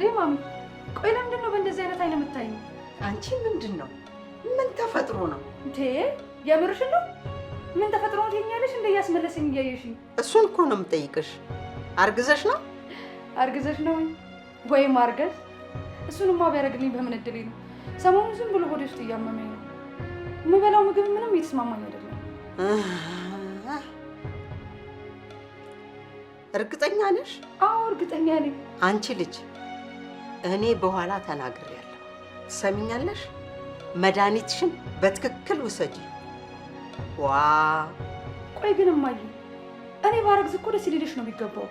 እንዴ ማሚ፣ ቆይ ለምንድን ነው በእንደዚህ አይነት አይነት የምታይኝ? አንቺ ምንድን ነው ምን ተፈጥሮ ነው እንዴ? የምርሽን ነው? ምን ተፈጥሮ ነው ትይኛለሽ? እንደ እያስመለሰኝ እያየሽኝ። እሱን እኮ ነው የምጠይቅሽ። አርግዘሽ ነው? አርግዘሽ ነው ወይም አርገዝ? እሱንማ ቢያደርግልኝ በምን እድሌ ነው? ሰሞኑን ዝም ብሎ ሆዴ ውስጥ እያመመኝ ነው። የምበላው ምግብ ምንም እየተስማማኝ አይደለም። እርግጠኛ ነሽ? አዎ እርግጠኛ ነኝ። አንቺ ልጅ እኔ በኋላ ተናግሬያለሁ። ሰሚኛለሽ መድኃኒትሽን በትክክል ውሰጂ። ዋ ቆይ ግን እማዬ፣ እኔ ባረግዝ እኮ ደስ ሊልሽ ነው የሚገባው።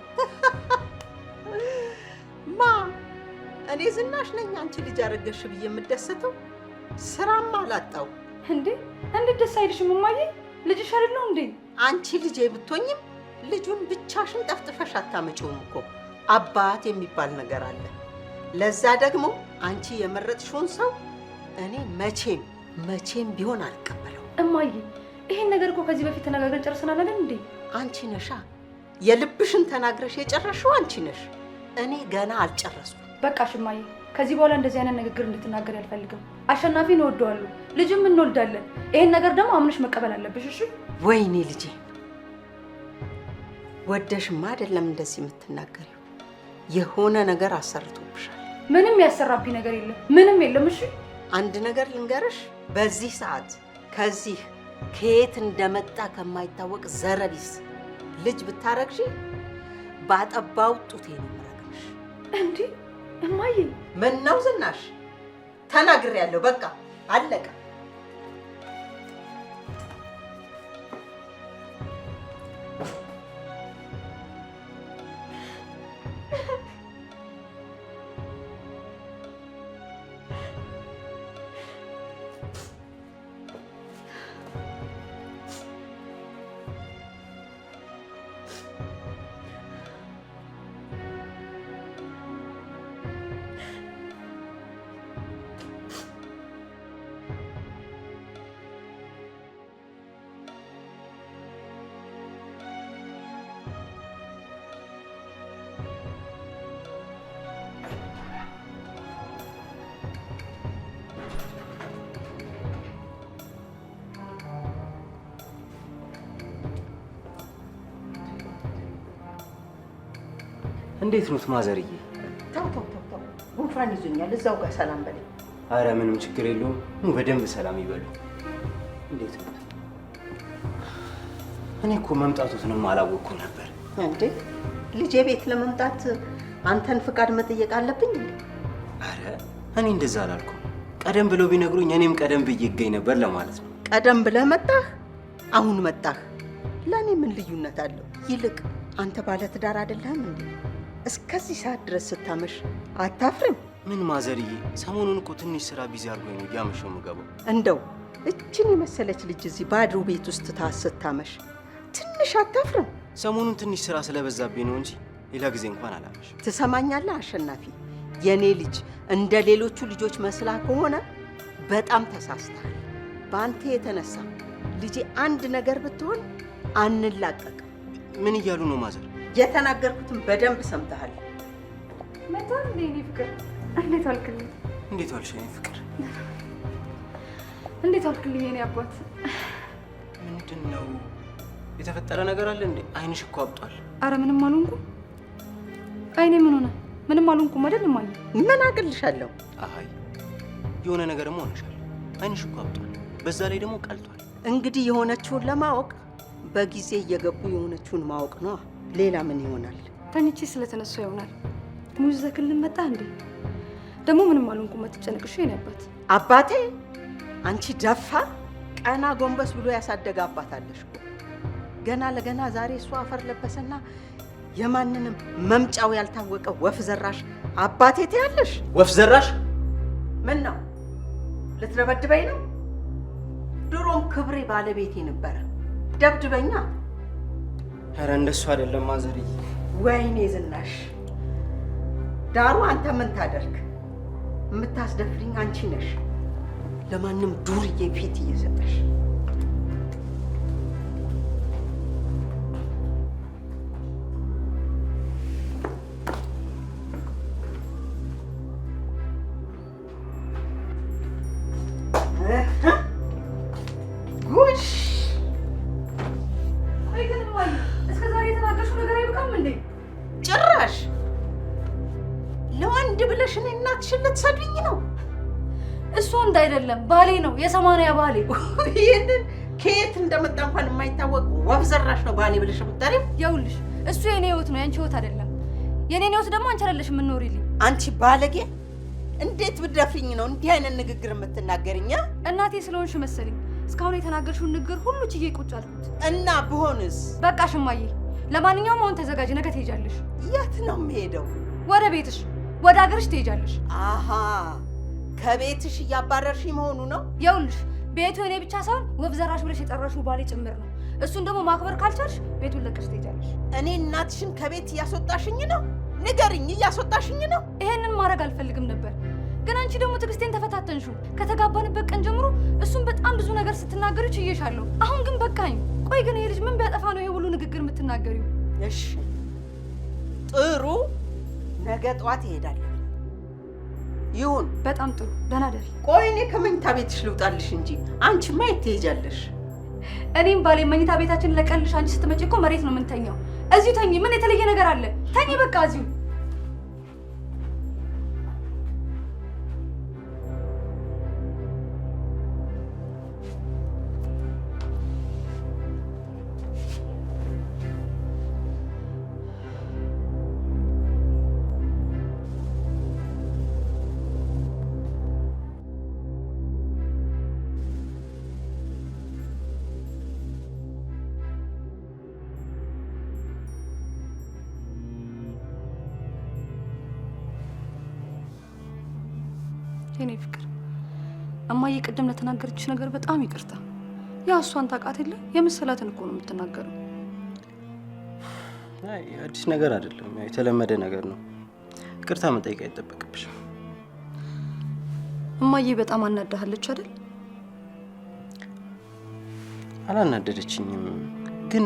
ማ እኔ ዝናሽ ነኝ። አንቺ ልጅ አረገሽ ብዬ የምደሰተው ስራማ አላጣው እንዴ? እንዴት ደስ አይልሽም እማዬ? ልጅሽ አይደል ነው እንዴ? አንቺ ልጅ ብትሆኝም ልጁን ብቻሽን ጠፍጥፈሽ አታመጪውም እኮ አባት የሚባል ነገር አለ። ለዛ ደግሞ አንቺ የመረጥሽውን ሰው እኔ መቼም መቼም ቢሆን አልቀበለው። እማዬ ይሄን ነገር እኮ ከዚህ በፊት ተነጋግረን ጨርሰናል አይደል እንዴ? አንቺ ነሻ የልብሽን ተናግረሽ የጨረሽው አንቺ ነሽ። እኔ ገና አልጨረስኩም። በቃ ሽማዬ፣ ከዚህ በኋላ እንደዚህ አይነት ንግግር እንድትናገር ያልፈልግም። አሸናፊን እወደዋለሁ፣ ልጅም እንወልዳለን። ይሄን ነገር ደግሞ አምነሽ መቀበል አለብሽ። እሺ? ወይኔ ልጄ፣ ወደሽማ አይደለም እንደዚህ የምትናገሪው፣ የሆነ ነገር አሰርቶ ምንም ያሰራብኝ ነገር የለም፣ ምንም የለም። እሺ አንድ ነገር ልንገርሽ፣ በዚህ ሰዓት ከዚህ ከየት እንደመጣ ከማይታወቅ ዘረቢስ ልጅ ብታረግሽ ባጠባው ጡቴ ነው የምረግምሽ። እንዲህ እማዬ፣ ምነው ዝናሽ? ተናግሬያለሁ፣ በቃ አለቀ። እንዴት ኖት ማዘርዬ? ተው ተው ተው፣ ጉንፋን ይዞኛል። እዛው ጋር ሰላም በለኝ። አረ ምንም ችግር የለውም። በደንብ ሰላም ይበሉ። እንዴት ነው? እኔ እኮ መምጣቱትንም አላወቅኩ ነበር። እንዴ ልጄ ቤት ለመምጣት አንተን ፍቃድ መጠየቅ አለብኝ? አረ እኔ እንደዛ አላልኩ። ቀደም ብለው ቢነግሩኝ እኔም ቀደም ብዬ ይገኝ ነበር ለማለት ነው። ቀደም ብለህ መጣህ፣ አሁን መጣህ፣ ለእኔ ምን ልዩነት አለው? ይልቅ አንተ ባለትዳር አይደለህም እንዴ? እስከዚህ ሰዓት ድረስ ስታመሽ አታፍርም? ምን ማዘርዬ፣ ሰሞኑን እኮ ትንሽ ስራ ቢዚ አድርጎኝ ነው እያመሸው የምገባው። እንደው እችን የመሰለች ልጅ እዚህ ባዶ ቤት ውስጥ ታስ ስታመሽ ትንሽ አታፍርም? ሰሞኑን ትንሽ ስራ ስለበዛብኝ ነው እንጂ ሌላ ጊዜ እንኳን አላመሽ። ትሰማኛለህ አሸናፊ፣ የእኔ ልጅ እንደ ሌሎቹ ልጆች መስላ ከሆነ በጣም ተሳስተሃል። በአንተ የተነሳ ልጄ አንድ ነገር ብትሆን አንላቀቅም። ምን እያሉ ነው ማዘር? የተናገርኩትን በደንብ ሰምተሃል። መጣም ለኔ ፍቅር እንዴት ዋልክልኝ? እንዴት ዋልሽ የኔ ፍቅር? እንዴት ዋልክልኝ አባት? ምንድን ነው የተፈጠረ ነገር አለ እንዴ? አይንሽ እኮ አብጧል። አረ ምንም አልሆንኩም። አይኔ ምን ሆነ? ምንም አልሆንኩም አይደል? ምን አቅልሻለሁ? አይ የሆነ ነገርም ሆነሻል። አይንሽ እኮ አብጧል። በዛ ላይ ደግሞ ቀልቷል። እንግዲህ የሆነችውን ለማወቅ በጊዜ እየገቡ የሆነችውን ማወቅ ነው። ሌላ ምን ይሆናል? ተኝቼ ስለተነሳ ይሆናል። ሙዝ ዘክል ልመጣ እንዴ? ደግሞ ምንም አልሆንኩም። አትጨነቅሽ አባት። አባቴ አንቺ ደፋ ቀና ጎንበስ ብሎ ያሳደገ አባት አለሽ ገና ለገና ዛሬ እሱ አፈር ለበሰና የማንንም መምጫው ያልታወቀ ወፍ ዘራሽ አባቴ ትያለሽ። ወፍ ዘራሽ ምን ነው? ልትደበድበኝ ነው? ድሮም ክብሬ ባለቤቴ ነበረ። ደብድበኛ ኧረ እንደሱ አይደለም ማዘርዬ። ወይኔ ዝናሽ ዳሩ፣ አንተ ምን ታደርግ? የምታስደፍሪኝ አንቺ ነሽ፣ ለማንም ዱርዬ ፊት እየሰጠሽ አይደለም ባሌ ነው የሰማንያ ባሌ። ይህንን ከየት እንደመጣ እንኳን የማይታወቅ ወፍ ነው ባሌ ብለሽ የምታሪ። ይኸውልሽ እሱ የኔ ህይወት ነው የአንቺ ህይወት አይደለም። የኔን ህይወት ደግሞ አንቺ አይደለሽ የምንኖሪልኝ። አንቺ ባለጌ እንዴት ብደፍኝ ነው እንዲህ አይነት ንግግር የምትናገርኛ? እናቴ ስለሆንሽ መሰለኝ እስካሁን የተናገርሽውን ንግግር ሁሉ ችዬ ቁጭ አልኩት። እና ብሆንስ? በቃ ሽማዬ፣ ለማንኛውም አሁን ተዘጋጅ፣ ነገ ትሄጃለሽ። የት ነው የምሄደው? ወደ ቤትሽ፣ ወደ ሀገርሽ ትሄጃለሽ። አሃ ከቤትሽ እያባረርሽ መሆኑ ነው? ይኸውልሽ ቤቱ እኔ ብቻ ሳይሆን ወፍ ዘራሽ ብለሽ የጠራሽው ባሌ ጭምር ነው። እሱን ደግሞ ማክበር ካልቻልሽ ቤቱን ለቀሽ ትሄጃለሽ። እኔ እናትሽን ከቤት እያስወጣሽኝ ነው? ንገርኝ፣ እያስወጣሽኝ ነው? ይሄንን ማድረግ አልፈልግም ነበር፣ ግን አንቺ ደግሞ ትዕግስቴን ተፈታተንሽው። ከተጋባንበት ቀን ጀምሮ እሱን በጣም ብዙ ነገር ስትናገሪ ችዬሻለሁ። አሁን ግን በቃኝ። ቆይ ግን ይሄ ልጅ ምን ቢያጠፋ ነው ይሄ ሁሉ ንግግር የምትናገሪው? እሺ ጥሩ፣ ነገ ጠዋት ይሄዳለሁ ይሁን። በጣም ጥሩ። ደህና ደሪ። ቆይ እኔ ከመኝታ ቤትሽ ልውጣልሽ እንጂ አንቺማ የት ትሄጃለሽ? እኔም ባሌ መኝታ ቤታችን ለቀልሽ። አንቺ ስትመጪ እኮ መሬት ነው የምንተኛው። እዚሁ ተኝ ምን የተለየ ነገር አለ? ተኝ በቃ እዚሁ የኔ ፍቅር እማዬ ቅድም ለተናገረችሽ ነገር በጣም ይቅርታ። ያ እሷን ታውቃት የለ የመሰላትን እኮ ነው የምትናገረው። አዲስ ነገር አይደለም፣ የተለመደ ነገር ነው። ይቅርታ መጠየቅ አይጠበቅብሽም። እማዬ በጣም አናዳሃለች አይደል? አላናደደችኝም፣ ግን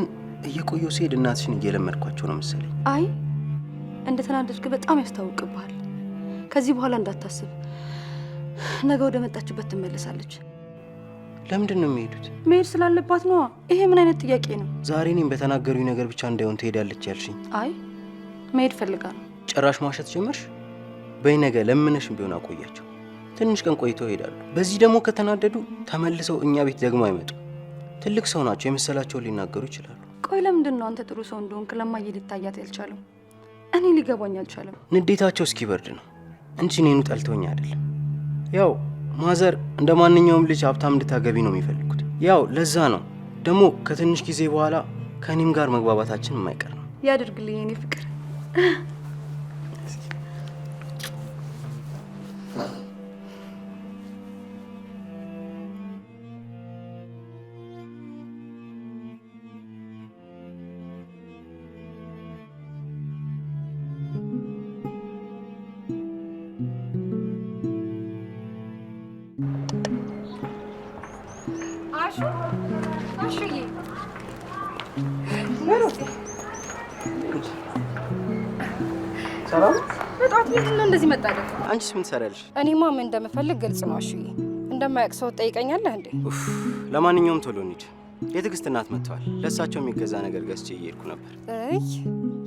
እየቆየው ሲሄድ እናትሽን እየለመድኳቸው ነው መሰለኝ። አይ እንደተናደድክ በጣም ያስታውቅብሃል። ከዚህ በኋላ እንዳታስብ ነገ ወደ መጣችበት ትመለሳለች። ለምንድን ነው የሚሄዱት? መሄድ ስላለባት ነዋ። ይሄ ምን አይነት ጥያቄ ነው? ዛሬ እኔም በተናገሩኝ ነገር ብቻ እንዳይሆን ትሄዳለች ያልሽኝ? አይ መሄድ ፈልጋ ነው። ጭራሽ ማሸት ጀመርሽ? በይ ነገ ለምነሽም ቢሆን አቆያቸው። ትንሽ ቀን ቆይተው ይሄዳሉ። በዚህ ደግሞ ከተናደዱ ተመልሰው እኛ ቤት ደግሞ አይመጡ። ትልቅ ሰው ናቸው፣ የመሰላቸውን ሊናገሩ ይችላሉ። ቆይ ለምንድን ነው አንተ ጥሩ ሰው እንደሆንክ ለማየ ሊታያት ያልቻለው? እኔ ሊገባኝ አልቻለም። ንዴታቸው እስኪበርድ ነው እንጂ እኔኑ ጠልተውኝ አይደለም። ያው ማዘር እንደ ማንኛውም ልጅ ሀብታም እንድታገቢ ነው የሚፈልጉት። ያው ለዛ ነው ደግሞ ከትንሽ ጊዜ በኋላ ከእኔም ጋር መግባባታችን የማይቀር ነው። ያድርግልኝ የኔ ፍቅር። ሰላም። በጠዋት ምንድን ነው እንደዚህ መጣ? አንቺስ ምን ትሰሪያለሽ? እኔማ ምን እንደምፈልግ ግልጽ ነው። እሺ እንደማያውቅ ሰው ትጠይቀኛለህ እንዴ? ለማንኛውም ቶሎ እንሂድ። የትዕግስት እናት መጥተዋል። ለእሳቸው የሚገዛ ነገር ገዝቼ እየሄድኩ ነበር። እይ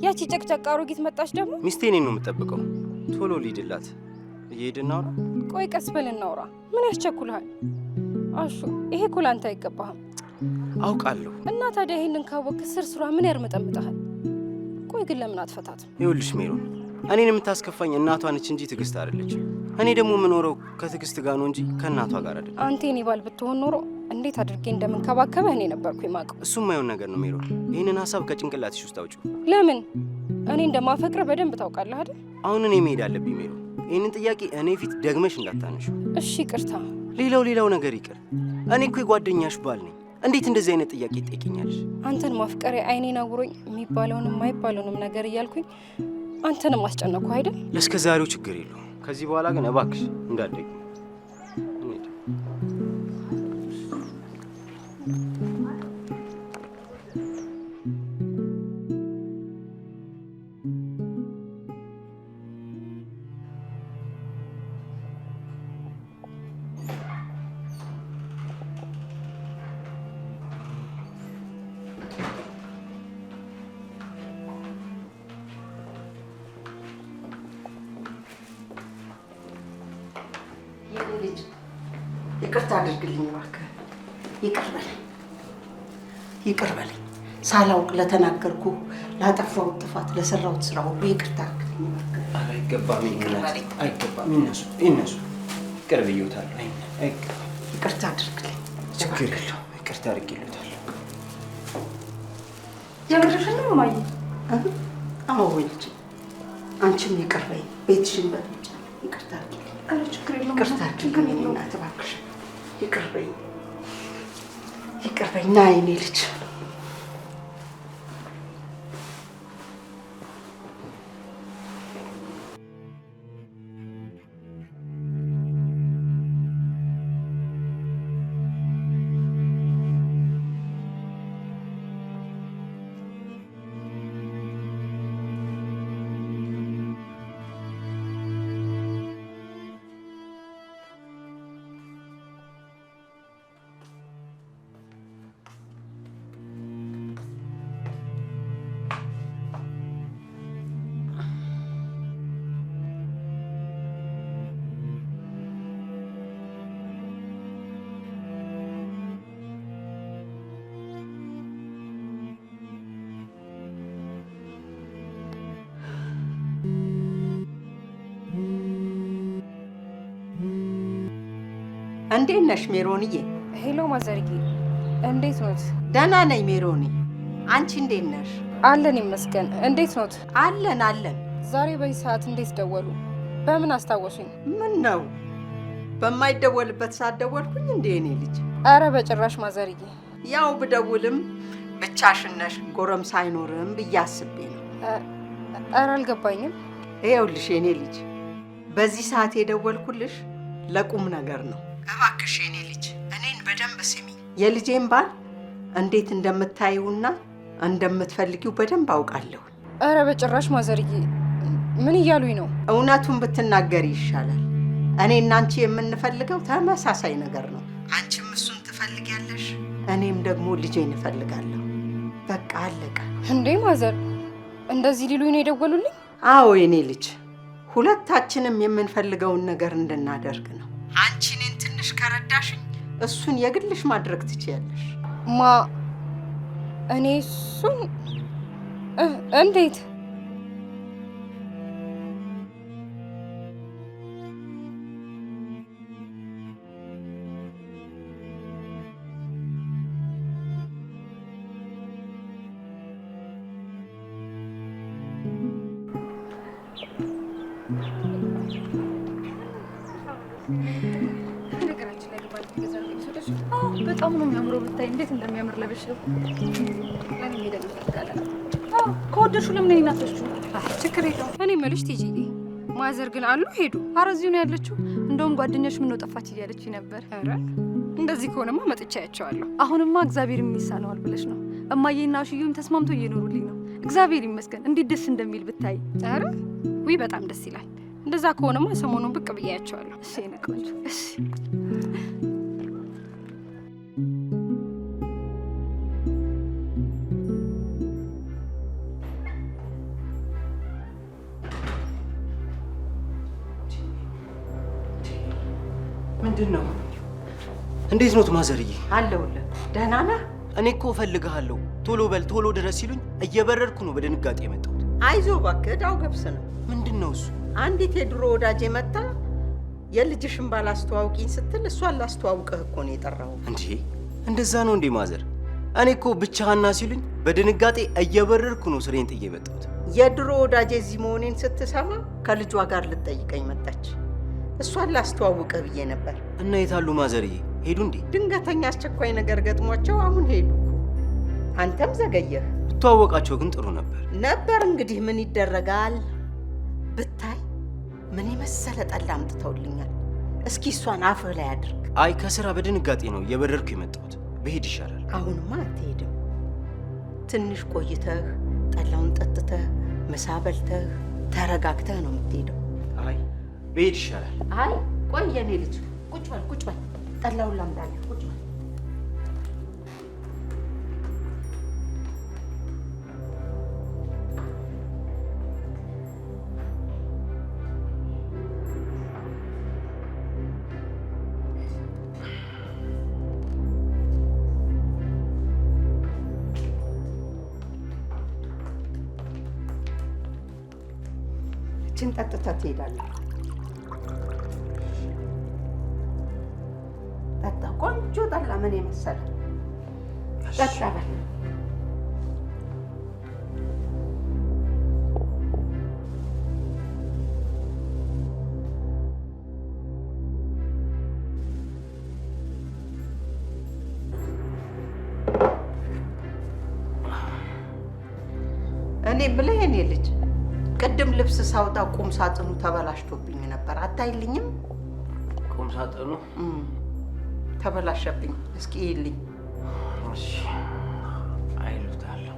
ያቺ ጨቅጨቅ አሮጊት መጣች ደግሞ። ሚስቴ እኔን ነው የምጠብቀው። ቶሎ ሊድላት እየሄድ እናውራ። ቆይ ቀስ በል እናውራ። ምን ያስቸኩልሃል? አሹ ይሄ እኮ ላንተ አይገባህም። አውቃለሁ። እና ታዲያ ይህንን ይሄንን ስር ስርስሯ ምን ያርመጠምጠሃል? ቆይ ግን ለምን አትፈታትም? ይኸውልሽ ሜሮን እኔን የምታስከፋኝ እናቷ ነች እንጂ ትዕግስት አይደለች። እኔ ደግሞ የምኖረው ከትዕግስት ጋር ነው እንጂ ከእናቷ ጋር አይደለም። አንተ የኔ ባል ብትሆን ኖሮ እንዴት አድርጌ እንደምንከባከበ እኔ ነበርኩ የማውቀው። እሱም አይሆን ነገር ነው ሜሮን። ይህንን ሀሳብ ከጭንቅላትሽ ውስጥ አውጪው። ለምን? እኔ እንደማፈቅር በደንብ ታውቃለህ አይደል? አሁን እኔ መሄድ አለብኝ ሜሮን። ይህንን ጥያቄ እኔ ፊት ደግመሽ እንዳታነሺው እሺ? ይቅርታ። ሌላው ሌላው ነገር ይቅር፣ እኔ እኮ የጓደኛሽ ባል ነኝ። እንዴት እንደዚህ አይነት ጥያቄ ይጠይቅኛለሽ? አንተን ማፍቀሬ አይኔን አጉሮኝ የሚባለውንም የማይባለውንም ነገር እያልኩኝ አንተንም አስጨነቅኩ አይደል? ለእስከ ዛሬው ችግር የለውም። ከዚህ በኋላ ግን እባክሽ እንዳደግ ሳላውቅ ለተናገርኩ ላጠፋሁት ጥፋት ለሰራሁት ስራ ሁሉ ይቅርታ። ቅርብ እየወታሉ ይቅርታ አድርግልኝ። ችግር የለውም፣ ይቅርታ የምርሽን ነው ማየ? አዎ ወንጅ፣ አንቺም ይቅር በይ። ቤትሽን በጥጫ ይቅርታ እናት እባክሽ ይቅር በይ፣ ይቅር በይ። ና የኔ ልጅ እንዴት ነሽ ሜሮንዬ? ሄሎ ማዘርጌ እንዴት ኖት? ደህና ነኝ ሜሮኒ። አንቺ እንዴት ነሽ? አለን ይመስገን። እንዴት ኖት? አለን አለን። ዛሬ በዚህ ሰዓት እንዴት ደወሉ? በምን አስታወሱኝ? ምን ነው በማይደወልበት ሰዓት ደወልኩኝ እንዴ እኔ ልጅ? አረ በጭራሽ ማዘርጌ ያው ብደውልም ብቻሽን ነሽ ጎረምሳ አይኖርም ብዬ አስቤ ነው። አረ አልገባኝም። ይኸውልሽ የኔ ልጅ በዚህ ሰዓት የደወልኩልሽ ለቁም ነገር ነው። እባክሽ የኔ ልጅ እኔን በደንብ ስሚ። የልጄን ባል እንዴት እንደምታይውና እንደምትፈልጊው በደንብ አውቃለሁ። እረ በጭራሽ ማዘርዬ፣ ምን እያሉኝ ነው? እውነቱን ብትናገሪ ይሻላል። እኔ እና አንቺ የምንፈልገው ተመሳሳይ ነገር ነው። አንቺም እሱን ትፈልጊያለሽ፣ እኔም ደግሞ ልጄን እፈልጋለሁ። በቃ አለቀ። እንዴ ማዘር፣ እንደዚህ ሊሉኝ ነው የደወሉልኝ? አዎ የኔ ልጅ፣ ሁለታችንም የምንፈልገውን ነገር እንድናደርግ ነው አንቺ ብለሽ ከረዳሽኝ እሱን የግልሽ ማድረግ ትችያለሽ። ማ እኔ እሱን እንዴት አለሽ? በጣም ነው የሚያምረው። ብታይ እንዴት እንደሚያምር ለብሽ። ለኔ ሄደ ነው ተጋለና። ለምን እኔን ችግር የለውም። እኔ የምልሽ ቲጂ ማዘር ግን አሉ ሄዱ። ኧረ እዚሁ ነው ያለችው። እንደውም ጓደኛሽ ምን ነው ጠፋች እያለች ነበር። ኧረ እንደዚህ ከሆነማ መጥቻ ያቸዋለሁ። አሁንማ እግዚአብሔር የሚሳነዋል ብለሽ ነው። እማዬና አሽዩም ተስማምቶ እየኖሩልኝ ነው። እግዚአብሔር ይመስገን። እንዴት ደስ እንደሚል ብታይ። ኧረ ውይ በጣም ደስ ይላል። እንደዛ ከሆነማ ሰሞኑን ብቅ ብያቸዋለሁ። እሺ እሺ ምንድን ነው? እንዴት ነው ማዘርዬ? አለሁልህ። ደህና ነህ? እኔ እኮ እፈልግሃለሁ። ቶሎ በል ቶሎ ድረስ ሲሉኝ እየበረርኩ ነው በድንጋጤ የመጣሁት። አይዞህ እባክህ፣ እዳው ገብስ ነው። ምንድን ነው እሱ? አንዲት የድሮ ወዳጄ መጣ የልጅሽን ባል ስትል እሷን ላስተዋውቅህ እኮ ነው የጠራው። እንዴ እንደዛ ነው እንዴ ማዘር? እኔ እኮ ብቻህና ሲሉኝ በድንጋጤ እየበረርኩ ነው ስሬን ጥዬ የመጣሁት። የድሮ ወዳጄ እዚህ መሆኔን ስትሰማ ከልጇ ጋር ልትጠይቀኝ መጣች። እሷን ላስተዋውቀ ብዬ ነበር። እና የታሉ ማዘርዬ? ሄዱ እንዴ? ድንገተኛ አስቸኳይ ነገር ገጥሟቸው አሁን ሄዱ። አንተም ዘገየህ። ብትዋወቃቸው ግን ጥሩ ነበር ነበር። እንግዲህ ምን ይደረጋል። ብታይ ምን የመሰለ ጠላ አምጥተውልኛል። እስኪ እሷን አፍህ ላይ አድርግ። አይ ከስራ በድንጋጤ ነው እየበረርኩ የመጣሁት። ብሄድ ይሻላል። አሁንማ አትሄድም። ትንሽ ቆይተህ ጠላውን ጠጥተህ ምሳ በልተህ ተረጋግተህ ነው የምትሄደው። ብሄድ ይሻላል። አይ ቆይ የኔ ልጅ ቁጭ በል ቁጭ በል ጠላውን ላምጣልህ። ቁጭ በል ይህችን ትሄዳለህ። እጁ ጠላ ምን የመሰለ ጠጣ በል እኔ ብለህ የኔ ልጅ ቅድም ልብስ ሳውጣ ቁም ሳጥኑ ተበላሽቶብኝ ነበር። አታይልኝም? ቁም ሳጥኑ ተበላሸብኝ። እስኪ ይልኝ አይሉታለሁ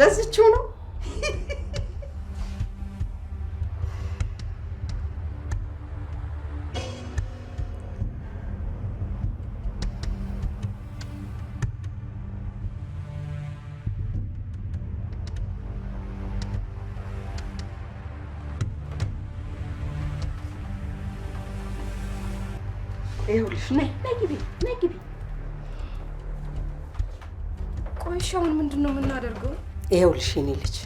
ለዚችው ነው ይኸውልሽ የኔ ልጅ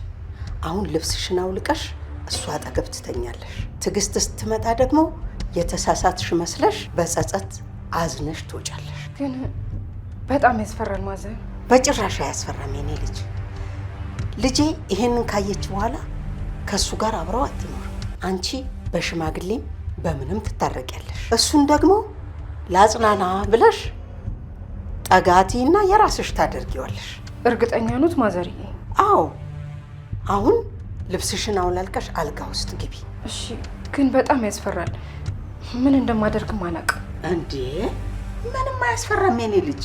አሁን ልብስሽን አውልቀሽ እሷ አጠገብ ትተኛለሽ። ትዕግስት ስትመጣ ደግሞ የተሳሳትሽ መስለሽ በጸጸት አዝነሽ ትወጫለሽ። ግን በጣም ያስፈራል ማዘ። በጭራሽ አያስፈራም የኔ ልጅ። ልጄ ይሄንን ካየች በኋላ ከእሱ ጋር አብረው አትኖርም። አንቺ በሽማግሌም በምንም ትታረቂያለሽ። እሱን ደግሞ ላጽናና ብለሽ ጠጋቲ እና የራስሽ ታደርጊዋለሽ። እርግጠኛ ኑት ማዘርዬ? አዎ አሁን ልብስሽን አውላልቀሽ አልጋ ውስጥ ግቢ። እሺ፣ ግን በጣም ያስፈራል። ምን እንደማደርግም አላውቅም። እንዴ ምንም አያስፈራም የኔ ልጅ።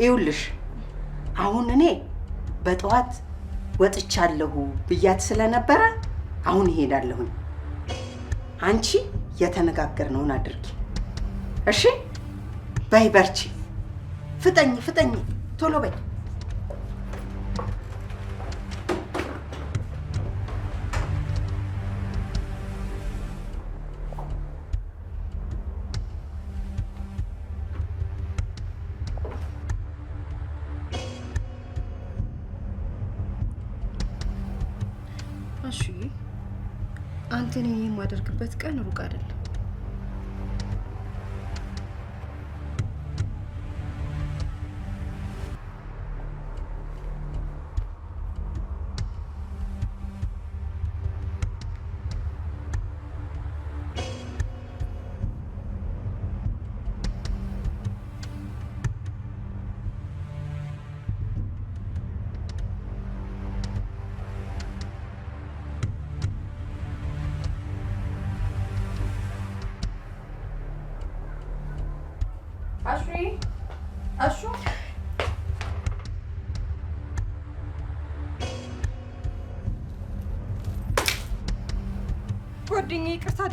ይኸውልሽ አሁን እኔ በጠዋት ወጥቻለሁ ብያት ስለነበረ አሁን እሄዳለሁኝ። አንቺ የተነጋገርነውን አድርጊ እሺ? በይ በርቺ። ፍጠኝ ፍጠኝ፣ ቶሎ በይ። አንተን የማደርግበት ቀን ሩቅ አይደለም።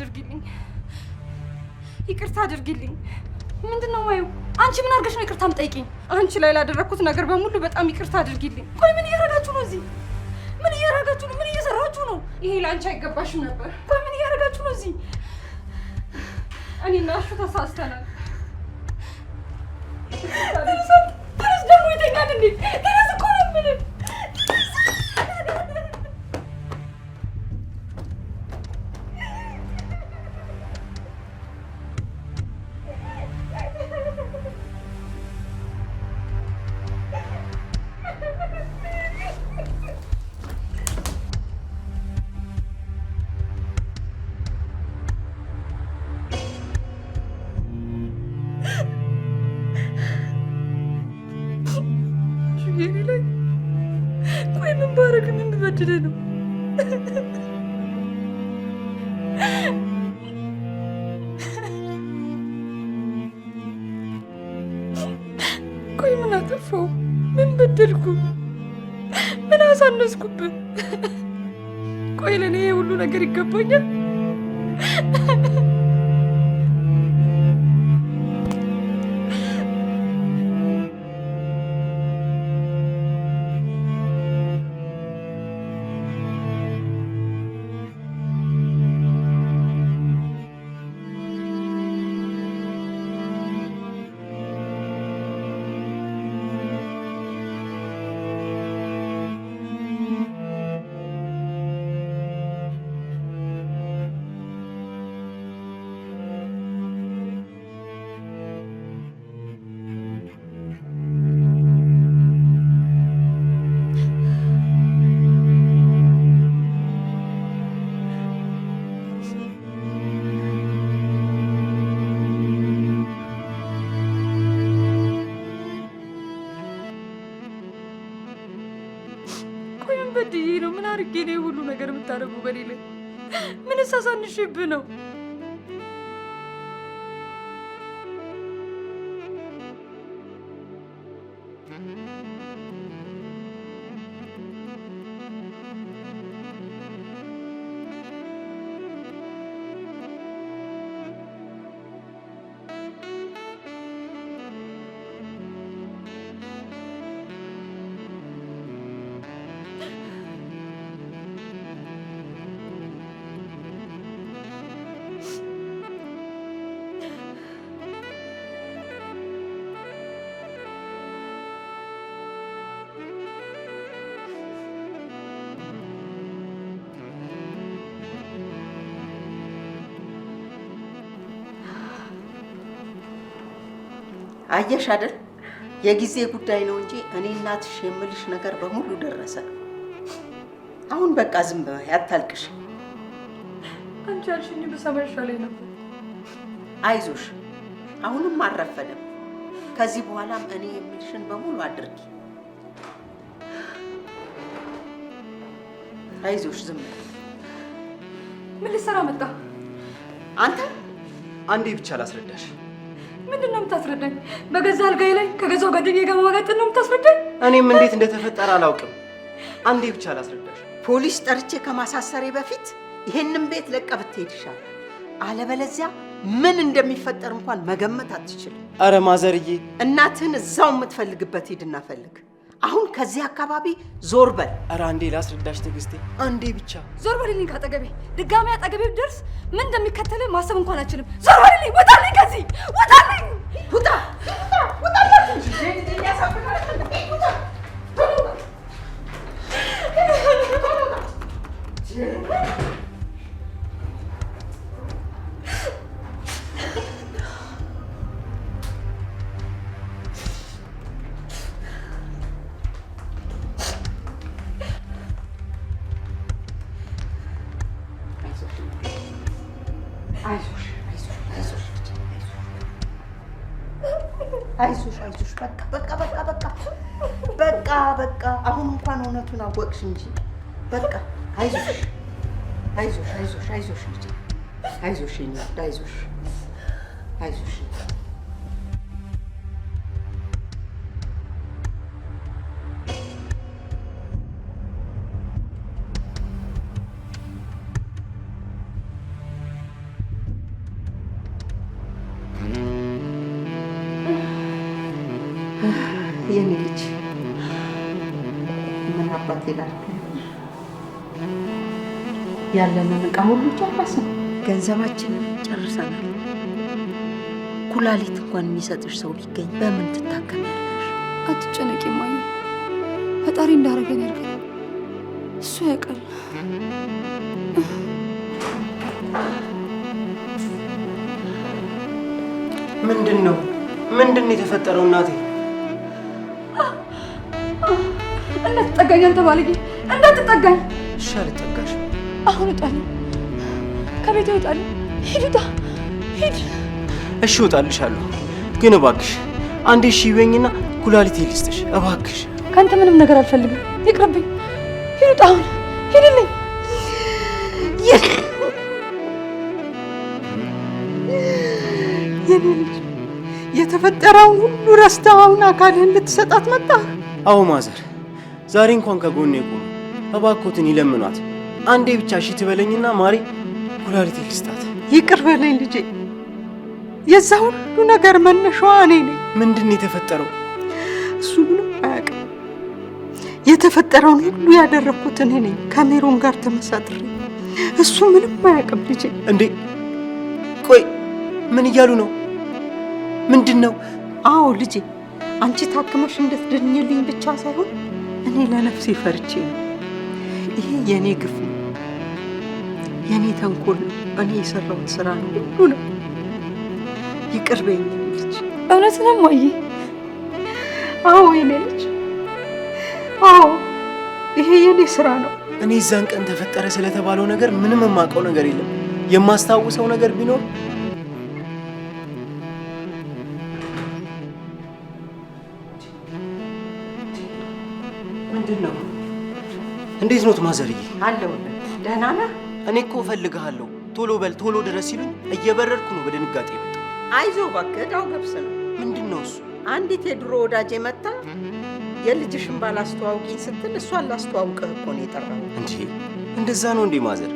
አድርጊልኝ፣ ይቅርታ አድርጊልኝ። ምንድን ነው ማየው? አንቺ ምን አድርገሽ ነው ይቅርታ የምጠይቂኝ? አንቺ ላይ ላደረግኩት ነገር በሙሉ በጣም ይቅርታ አድርጊልኝ። ቆይ ምን እያደረጋችሁ ነው? እዚህ ምን እያደረጋችሁ ነው? ምን እየሰራችሁ ነው? ይሄ ለአንቺ አይገባሽም ነበር። ቆይ ምን እያደረጋችሁ ነው? እዚህ እኔና እሱ ተሳስተናል። ደግሞ ይተኛል እንዴ? ምን አጠፋው? ምን በደልኩ? ምን አሳነስኩብህ? ቆይ ለእኔ ሁሉ ነገር ይገባኛል? የምታደርጉ በኔ ላይ ምን ሳሳንሽብህ ነው? አየሽ አይደል የጊዜ ጉዳይ ነው እንጂ እኔ እናትሽ የምልሽ ነገር በሙሉ ደረሰ። አሁን በቃ ዝም በይ አታልቅሽ። አንቺ ያልሽኝ ብሰማ ይሻለኝ ነበር። አይዞሽ፣ አሁንም አልረፈደም። ከዚህ በኋላም እኔ የምልሽን በሙሉ አድርጊ። አይዞሽ፣ ዝም በይ። ምን ልትሰራ መጣ? አንተ አንዴ ብቻ ላስረዳሽ ምንድን ነው የምታስረዳኝ? በገዛ አልጋዬ ላይ ከገዛው ጓደኛዬ ጋር መዋጋትን ነው የምታስረዳኝ? እኔም እንዴት እንደተፈጠረ አላውቅም። አንዴ ብቻ አላስረዳሽ። ፖሊስ ጠርቼ ከማሳሰሬ በፊት ይሄንን ቤት ለቀ ብትሄድ ይሻላል። አለበለዚያ ምን እንደሚፈጠር እንኳን መገመት አትችልም። አረ ማዘርዬ፣ እናትህን እዛው የምትፈልግበት ሂድና ፈልግ። አሁን ከዚህ አካባቢ ዞር በል። ኧረ አንዴ ላስረዳሽ ትዕግስቴ፣ አንዴ ብቻ ዞር በልልኝ። ካጠገቤ ድጋሚ አጠገቤ ብደርስ ምን እንደሚከተል ማሰብ እንኳን አልችልም። ዞር በልልኝ! ውጣልኝ! ከዚህ ውጣልኝ! ውጣ! ውጣ! ሳቅሽ እንጂ በቃ አይዞሽ፣ አይዞሽ፣ አይዞሽ፣ አይዞሽ፣ አይዞሽ፣ አይዞሽ፣ አይዞሽ ያለንን እቃ ሁሉ ጨረስን፣ ገንዘባችንን ጨርሰናል። ኩላሊት እንኳን የሚሰጥሽ ሰው ቢገኝ በምን ትታከሚያለሽ? አትጨነቂ ማየ፣ ፈጣሪ እንዳረገን ያርገን፣ እሱ ያውቃል። ምንድን ነው ምንድን ነው የተፈጠረው? እናቴ እንዳትጠጋኝ፣ አንተ ባለጌ እንዳትጠጋኝ። እሺ አልጠጋሽም አሁን ውጣል። ከቤት ይውጣል። ሂድ፣ ውጣ፣ ሂድ። እሺ እወጣልሻለሁ፣ ግን እባክሽ አንዴ እሺ ይበኝና ኩላሊቴ ልስጥሽ እባክሽ። ከአንተ ምንም ነገር አልፈልግም፣ ይቅርብኝ። ሂድ፣ ውጣ፣ አሁን ሂድልኝ። የኔ ልጅ የተፈጠረውን ሁሉ ረስተህ አሁን አካልህን ልትሰጣት መጣ? አዎ ማዘር፣ ዛሬ እንኳን ከጎኔ ቆሙ። እባኮትን ይለምኗት አንዴ ብቻ እሺ ትበለኝና ማሪ ኩላሊቴ ልስጣት። ይቅር በለኝ ልጄ፣ የዛ ሁሉ ነገር መነሻዋ እኔ ነኝ። ምንድን ነው የተፈጠረው? እሱ ምንም አያውቅም። የተፈጠረውን ሁሉ ያደረግኩት እኔ ነኝ ከሜሮን ጋር ተመሳጥሬ። እሱ ምንም አያውቅም ልጄ። እንዴ ቆይ ምን እያሉ ነው? ምንድን ነው? አዎ ልጄ፣ አንቺ ታክመሽ እንድትድኝልኝ ብቻ ሳይሆን እኔ ለነፍሴ ፈርቼ ነው ይሄ የኔ ግፍ ነው፣ የኔ ተንኮል ነው፣ እኔ የሰራውን ስራ ነው ሁሉ ነው። ይቅር በይኝ ልጅ። እውነት ነው እማዬ? አዎ የኔ ልጅ፣ አዎ ይሄ የኔ ስራ ነው። እኔ እዛን ቀን ተፈጠረ ስለተባለው ነገር ምንም የማውቀው ነገር የለም። የማስታውሰው ነገር ቢኖር እንዴት ኖት ማዘርዬ? አለሁልህ። ደህና ነህ? እኔ እኮ እፈልግሃለሁ። ቶሎ በል ቶሎ ድረስ ሲሉኝ እየበረርኩ ነው በድንጋጤ መጣ። አይዞህ እባክህ ዕዳው ገብስ ነው። ምንድን ነው እሱ? አንዲት የድሮ ወዳጅ መጣ። የልጅሽን ባል አስተዋውቂኝ ስትል እሷን ላስተዋውቅህ እኮ ነው የጠራው። እንዴ እንደዛ ነው እንዴ ማዘር?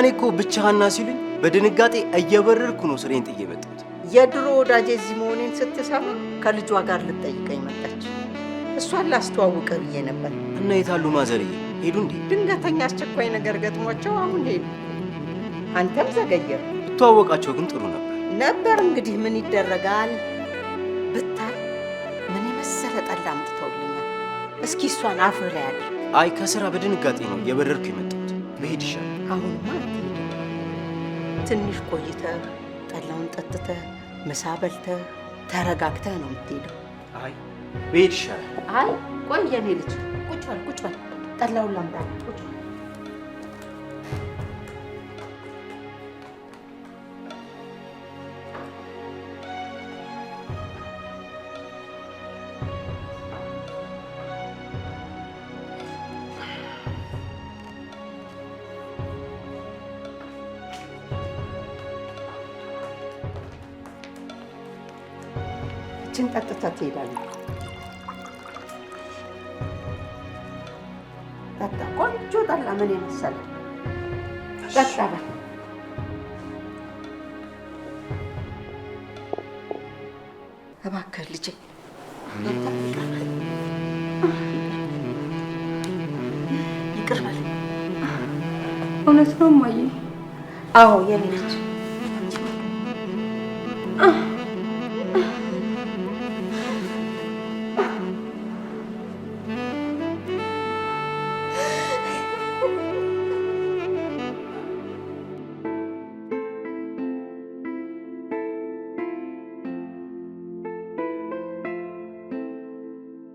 እኔ እኮ ብቻህና ሲሉኝ በድንጋጤ እየበረርኩ ነው ስሬን ጥዬ መጣሁት። የድሮ ወዳጄ እዚህ መሆኔን ስትሰማ ከልጇ ጋር ልትጠይቀኝ መጣች። እሷን ላስተዋውቅህ ብዬ ነበር። እና የታሉ አሉ ማዘርዬ? ሄዱ እንዴ? ድንገተኛ አስቸኳይ ነገር ገጥሟቸው አሁን ሄዱ። አንተም ዘገየር። ብትዋወቃቸው ግን ጥሩ ነበር ነበር። እንግዲህ ምን ይደረጋል? ብታይ ምን የመሰለ ጠላ አምጥተውልኛል። እስኪ እሷን አፍ ላይ ያድር። አይ ከስራ በድንጋጤ ነው የበረርኩ የመጣሁት። ብሄድ ይሻል። ማለት ትንሽ ቆይተ ጠላውን ጠጥተ ምሳ በልተህ ተረጋግተህ ነው የምትሄደው። አይ ብሄድ ይሻላል። አይ ቆይ የኔ ልጅ ቁጭ በል ቁጭ በል ጠላውን ላምጣ። እችን ቀጥታ ትሄዳለች። ምን የመሰለ ቀጠበ እባክህ ልጄ ይቅር እውነት ነው እማዬ? አዎ የኔ